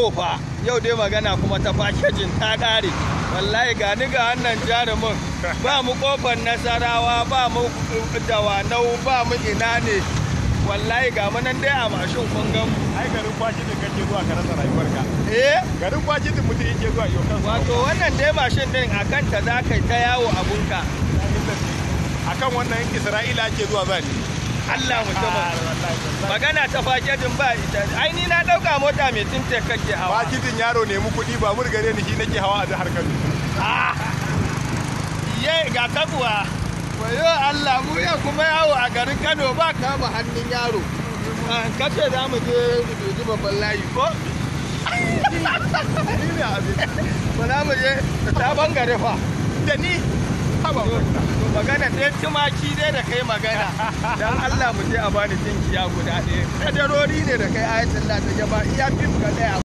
to yau dai magana kuma ta fakejin ta ƙare wallahi ga ni ga wannan jarumin ba mu kofar nasarawa ba mu eh, dawanau ba mu ina ne wallahi ga mu nan dai a mashin kun ga mu ai garin kwashi da kake zuwa ka rasa rayuwarka eh garin kwashi da mutum yake zuwa yau kan wato wannan dai mashin din akan ta za kai ta yawo abunka akan wannan isra'ila ake zuwa zani Allah mutum wallahi magana ta din ba ita ai ni na dauka mota mai tinte kake hawa fakejin yaro mu kuɗi ba murga ne ni shi nake hawa a jihar Kano ah! ye ga tabuwa wayo Allah mu ya kuma yawo a garin Kano ba ka ba hannun yaro ah, kace za mu je Udoji babban layi ko ni ne abin ba na mu je ta bangare fa da ni ha magana ɗaya tumaki dai da kai magana dan Allah mu je a bani tinkiya guda ɗaya kadarori ne da kai ayatul ta gaba iya fim ga ɗaya